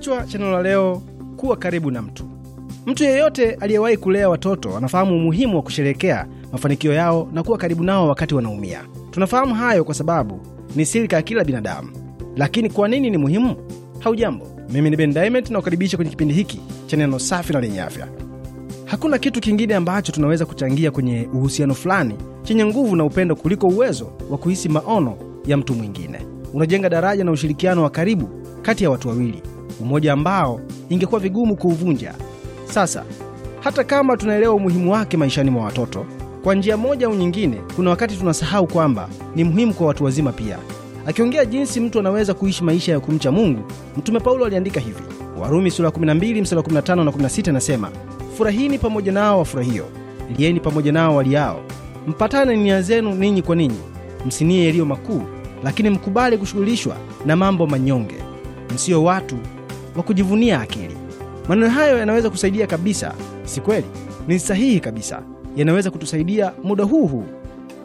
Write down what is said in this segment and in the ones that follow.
Kichwa cha neno la leo, kuwa karibu na mtu. Mtu yeyote aliyewahi kulea watoto anafahamu umuhimu wa kusherekea mafanikio yao na kuwa karibu nao wakati wanaumia. Tunafahamu hayo kwa sababu ni silika ya kila binadamu, lakini kwa nini ni muhimu? Haujambo, mimi ni Ben Diamond na nakukaribisha kwenye kipindi hiki cha neno safi na lenye afya. Hakuna kitu kingine ambacho tunaweza kuchangia kwenye uhusiano fulani chenye nguvu na upendo kuliko uwezo wa kuhisi maono ya mtu mwingine. Unajenga daraja na ushirikiano wa karibu kati ya watu wawili umoja ambao ingekuwa vigumu kuuvunja. Sasa hata kama tunaelewa umuhimu wake maishani mwa watoto, kwa njia moja au nyingine, kuna wakati tunasahau kwamba ni muhimu kwa watu wazima pia. Akiongea jinsi mtu anaweza kuishi maisha ya kumcha Mungu, Mtume Paulo aliandika hivi, Warumi sura 12 mstari 15 na 16, furahini pamoja nao wafurahio, lieni pamoja nao waliao, mpatane nia zenu ninyi kwa ninyi, msinie yaliyo makuu, lakini mkubali kushughulishwa na mambo manyonge, msiyo watu wa kujivunia akili. Maneno hayo yanaweza kusaidia kabisa, si kweli? Ni sahihi kabisa, yanaweza kutusaidia muda huu huu.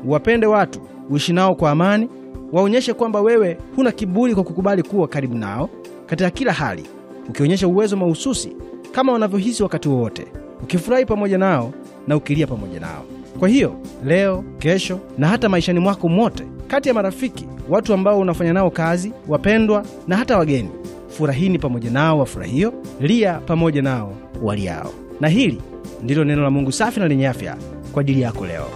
Uwapende watu, uishi nao kwa amani, waonyeshe kwamba wewe huna kiburi kwa kukubali kuwa karibu nao katika kila hali, ukionyesha uwezo mahususi kama wanavyohisi wakati wowote, ukifurahi pamoja nao na ukilia pamoja nao. Kwa hiyo leo, kesho na hata maishani mwako mote, kati ya marafiki, watu ambao unafanya nao kazi, wapendwa na hata wageni furahini pamoja nao wafurahio, lia pamoja nao waliao. Na hili ndilo neno la Mungu safi na lenye afya kwa ajili yako leo.